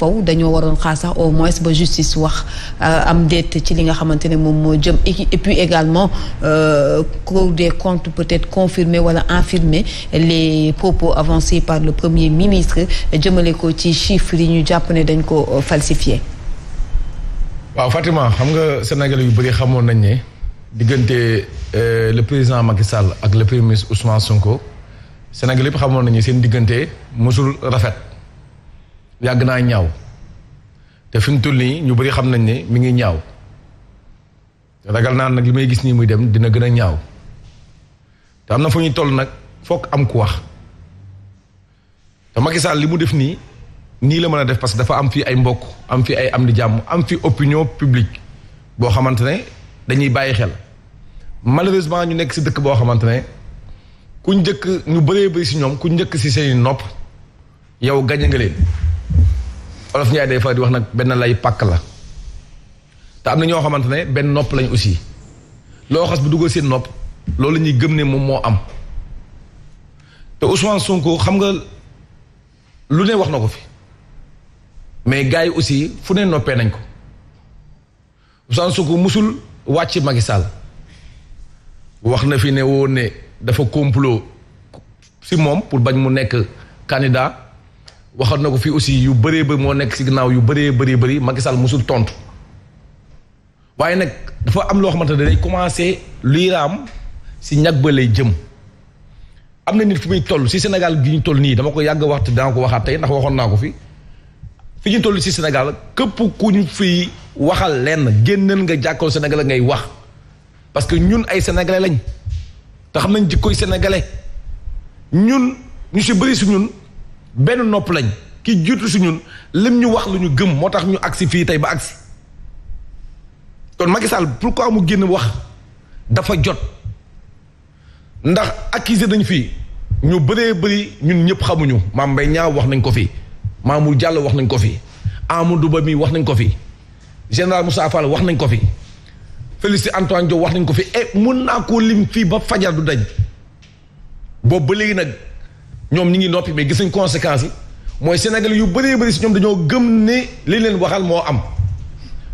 foofu dañoo waroon xaar sax au moins ba justice wax euh, am déet ci li nga xamante ne moom moo jëm et puis également euh, Cour des comptes peut-être confirmer wala infirmer les propos avancés par le premier ministre jëmale ko ci chiffres yi ñu jàpp ne dañ ko euh, falsifié. waaw Fatima xam nga Sénégal yu bëri xamoon nañ ne diggante le président Macky Sall ak le premier ministre Ousmane Sonko Sénégal yëpp xamoon nañu seen diggante mosul rafet. yàgg naa ñaaw te fi mu toll nii ñu bari xam nañ ne mi ngi ñaaw ragal naa nag li may gis nii muy dem dina gën a ñaaw te am na fu ñu toll nag fokk am ku wax te Macky li mu def nii nii la mën a def parce que dafa am fii ay mbokk am fi ay am di jàmm am fii opinion publique boo xamante ne dañuy bàyyi xel malheureusement ñu nekk si dëkk boo xamante ne ku njëkk ñu bëree bëri si ñoom ku njëkk si seeni nopp yow gañ nga leen olof Ndiaye day fa di wax nag benn lay pàkk la te am na ñoo xamante ne benn nopp lañ aussi loo xas bu duggoo seen nopp loolu la ñuy gëm ne moom moo am te Ousmane Sonko xam nga lu ne wax na ko fi mais gars yi aussi fu ne noppee nañ ko Ousmane Sonko musul wàcc Macky Sall wax na fi ne woon ne dafa complot si moom pour bañ mu nekk candidat waxoon na ko fii aussi yu bëree bëri moo nekk si ginnaaw yu bëree bëri bëri Macky Sall musul tontu waaye nag dafa am loo xamante ne day commencé luy raam si ñag ba lay jëm am na nit fi muy toll si senegal gi ñu toll nii dama ko yàgg a waxtu ko waxaat tey ndax waxoon ko fi fi ñu toll si Sénégal képp ku ñu fiy waxal lenn génneel nga jàkkool Sénégal ngay wax parce que ñun ay sénégalais lañ te xam nañ jikkoy sénégalais ñun ñu si bari su ñun. benn nopp lañ ki jiitu si ñun lim ñu wax lu ñu gëm moo tax ñu agsi fii tey ba agsi kon Macky pour pourquoi mu génn wax dafa jot ndax accuser nañ fii ñu bëree bëri ñun ñëpp xamuñu Mame Mbaye Niang wax nañ ko fi Mamour Diallo wax nañ ko fi Amadou Ba mii wax nañ ko fi général Moussa Fall wax nañ ko fi Félicité Antoine Diop wax nañ ko fi et mun naa koo lim fii ba fajar du daj boobu ba léegi nag. ñoom ñi ngi noppi mais gis nañ conséquences yi mooy Sénégal yu bëree bëri si ñoom dañoo gëm ne li leen waxal moo am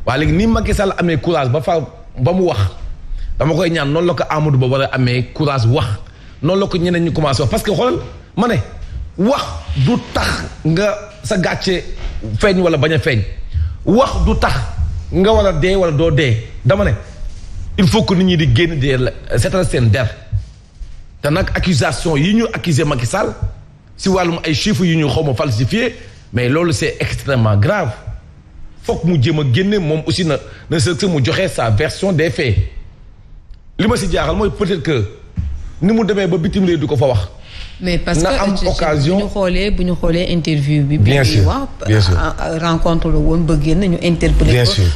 waaye léegi ni Macky Sall amee courage ba fa ba mu wax dama koy ñaan noonu la ko Amadou Ba war a amee courage wax noonu la ko ñeneen ñu commencé wax parce que xoolal ma ne wax du tax nga sa gàcce feeñ wala bañ a feeñ wax du tax nga war a dee wala doo dee dama ne il faut que nit ñi di génn dee la seetal seen der te nag accusation yi ñu accuser Macky Sall si wàllum ay chiffres yu ñu xaw ma falsifié mais loolu c'est extrêmement grave foog mu jéem a génne moom aussi na na se mu joxee sa version des faits li ma si jaaxal mooy peut-être que ni mu demee ba bitim réew du ko fa wax mais parce que am occasion bu ñu xoolee bu ñu xoolee interview bi. bien sûr bien sûr wax rencontre la woon bëggee nañu ñu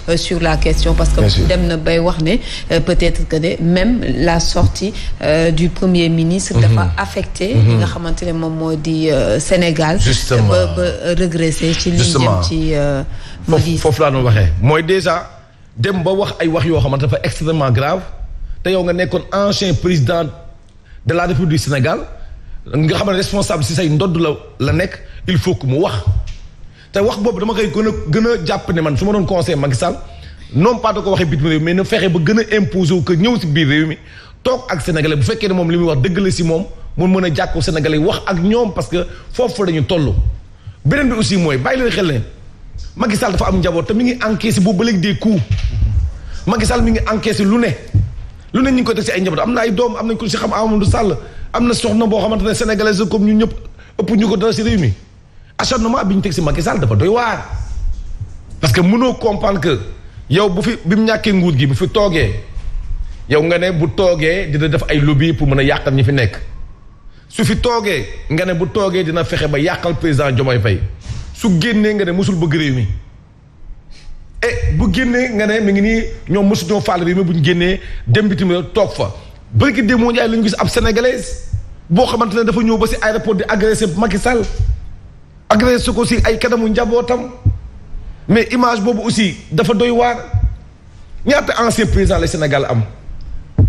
euh, sur la question parce que dem na bay wax ne euh, peut-être que de même la sortie euh, du premier ministre. dafa mhm. affecté. Mhm. li nga xamante ne moom moo di euh, Sénégal. justement ba ba régressé ci li jëm ci. foofu foofu laa doon waxee mooy déjà dem ba wax ay wax yoo xamante dafa extrêmement grave te yow nga nekkoon ancien président de la République du Sénégal. nga xam ne responsable si say ndodd la la nekk il faut que mu wax te wax boobu dama koy gën a gën a jàpp ne man su ma doon conseil Macky Sall non pas ko waxee bitim réew na fexe ba gën a imposer wu que ñëw si biir réew mi toog ak sénégalais bu fekkee ne moom li muy wax dëgg la si moom mu mën a jàkku sénégalais wax ak ñoom parce que foofu la ñu toll. beneen bi aussi mooy bàyyi leen xel ne Macky Sall dafa am njaboot te mi ngi encaissé boobu ba léegi des coups Macky Sall mi ngi encaissé lu ne lu ne ñu ngi koy teg si am na ay doom am nañ ko si xam Amadou Sall. am na soxna boo xamante ne sénégalaise comme ñun ñëpp ëpp ñu ko dara si réew mi acharnement bi ñu teg si Macky Sall dafa doy waar. parce que mënoo comprendre que yow bu fi bi mu ñàkkee nguur gi bu fi toogee yow nga ne bu toogee dina def ay lobby pour mën a yàqal ñi fi nekk su fi toogee nga ne bu toogee dina fexe ba yàqal président Diomaye bay su génnee nga ne mosul bëgg réew mi. et bu génnee nga ne mi ngi nii ñoom mosu ñoo faal bi mais bu ñu génnee dem bitim toog fa bërki démb moo njaay la ñu gis ab sénégalaise. boo xamante ne dafa ñëw ba si aéroport di agressé Macky Sall agressé ko si ay kanamu njabootam mais image boobu aussi dafa doy waar ñaata ancien président la Sénégal am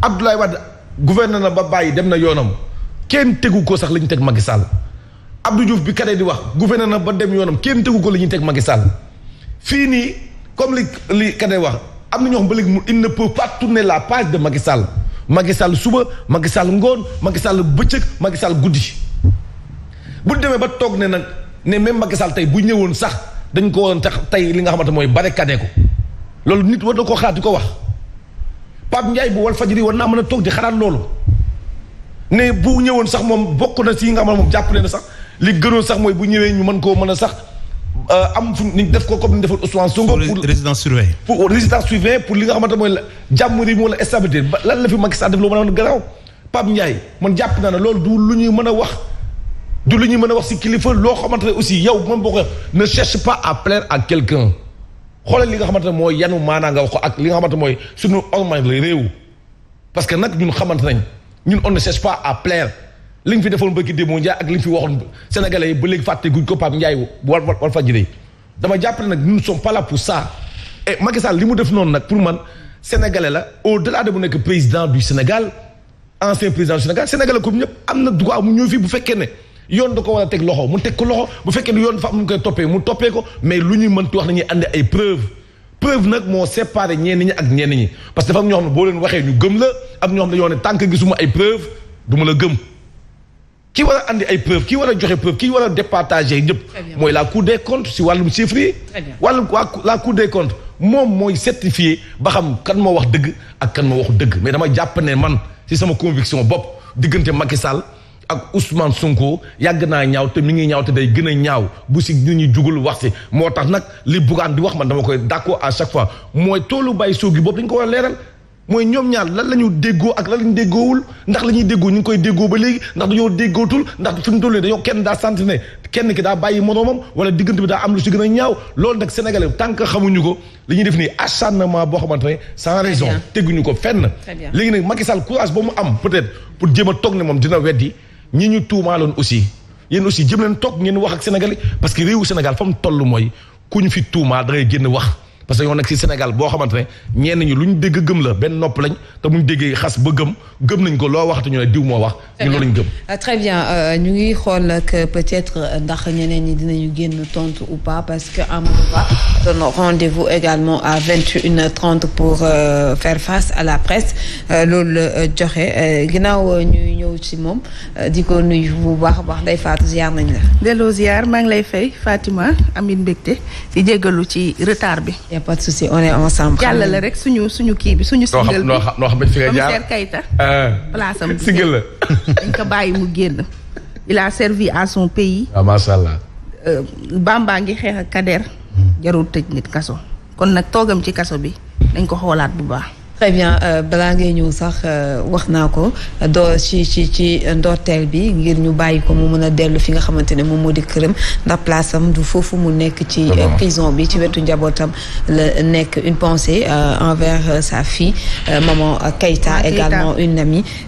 Abdoulaye Wade gouverne na ba bàyyi dem na yoonam kenn tegu ko sax la ñu teg Macky Sall Abdou Diouf bi kadee di wax gouverne na ba dem yoonam kenn tegu ko la ñuy teg Macky Sall fii nii comme li li kadee wax am na ñoo xam ba léegi mu il ne peut pas tourner la page de Macky Sall Macky Sall suba Macky Sall ngoon Macky Sall bëccëg Macky Sall guddi bu demee ba toog ne nag ne même Macky tey bu ñëwoon sax dañ ko woon tax tey li nga xamante mooy barricade ko loolu nit war ko xalaat ko wax Pape Ndiaye bu Walfadjri war naa mën a toog di xalaat loolu ne bu ñëwoon sax moom bokk na si yi nga xam ne moom jàpp ne na sax li gënoon sax mooy bu ñëwee ñu mën koo mën a sax Euh, am fu ñu def ko comme ni defoon Ousmane Sonko. pour résidence surveillée. pour résidence surveillée pour li nga xamante mooy jàmm réew mi wala stabilité ba la fi Macky Sall def loo mën a wan garaaw man jàpp naa loolu du lu ñuy mën a wax du lu ñuy mën a wax si kilifa loo xamante ne aussi yow man boo ko ne cherche pas à plaire à quelqu'un xoolal li nga xamante ne mooy yanu maanaa nga wax ko ak li nga xamante mooy suñu ormay réew parce que nag ñun xamante nañ ñun on ne pas à plaire. li nga fi defoon bëgg démo Ndiaye ak li nga fi waxoon sénégalais yi ba léegi fàtte guñ ko Pape Ndiaye war war fa jëlee dama jàpp ne nag nous ne sommes pas là pour li mu def noonu nag pour man sénégalais la au delà de mu nekk président du Sénégal ancien président du Sénégal sénégalais comme ñëpp am na droit amu ñëw fii bu fekkee ne yoon da ko war a teg loxo mu teg ko loxo bu fekkee ne yoon dafa am nu koy toppee mu toppee ko mais lu ñuy mënti wax nañuy àndi ay preuve preuve nag moo séparé ak ñenn ñi parce que dafa ñoo xam boo leen waxee ñu gëm la am ñoo xam ne tant que gisuma ay preuve du ma la gëm ki war a andi ay preuve kii war a joxe preuve ki war a départager ñëpp mooy la cour des comptes si wàllum chiffre yi wàllum waa la cour des moom mooy certifié ba xam kan moo wax dëgg ak kan moo wax dëgg mais dama jàpp ne man si sama conviction bopp diggante Macky Sall ak Ousmane Sonko yàgg naa ñaaw te mi ngi ñaaw te day gën a ñaaw bu si nit ñi jugul wax si moo tax nag li Bougane di wax ma dama koy d'accord à chaque fois mooy toolu bàyyi soo yi boobu dañ ko leeral mooy ñoom ñaan lan la ñu déggoo ak lan lañu ñu déggoowul ndax la ñuy déggoo ñu ngi koy déggoo ba léegi ndax dañoo déggootul ndax fi mu toll nii kenn daa sant ne kenn ki daa bàyyi moroomam wala diggante bi daa am lu ci gën a ñaaw loolu nag sénégalais tant que xamuñu ko li ñuy def nii acharnement boo xamante ne sans raison tegguñu ko fenn léegi nag Macky Sall courage ba mu am peut-être pour jéem a toog ne moom dina weddi ñi ñu tuumaaloon aussi yéen aussi jëm leen toog ngeen wax ak sénégalais parce que réewu Sénégal fa mu toll mooy ku ñu fi tuumaa da ngay génn wax parce que ñoo nekk ci Sénégal boo xamante ne ñenn ñi lu ñu dégg gëm la benn nopp lañ te muñ déggee xas ba gëm gëm nañ ko loo waxtu ñu ne diw moo wax ñu loolu lañ gëm euh, très bien euh, ñu ngi xool nag euh, peut-être ndax ñeneen ñi dinañu génn tontu ou pas parce que Amadou Ba donne rendez-vous également à une trente pour faire face à la presse loolu la joxe ginaaw ñuy ñëw ci moom di ko nuyu bu baax a baax day faatu ziar nañ la delloo ziar maa ngi lay fay Fatima amin mbégte di jégalu ci retard bi y' a pas de souci jàll la rek suñu suñu kii bi suñu. single bi noo xam noo xam fi Kayta. Ah. place am single la. dañ ko bàyyi mu génn. il a servi à son pays. waaw ah, macha allah. Euh, ngi xeex ak Kader. Hmm. jarul tëj nit kaso. kon nag toogam ci kaso bi dañ ko xoolaat bu baax. très bien euh, balaa ngay ñëw sax euh, wax naa ko doo ci ci ci ndorteel bi ngir ñu bàyyi ko mu mën a dellu fi nga xamante ne moom moo di këram ndax place am du foofu mu nekk ci euh, prison bi ci wetu njabootam la nekk une pensée envers sa fille maman Keita également une amie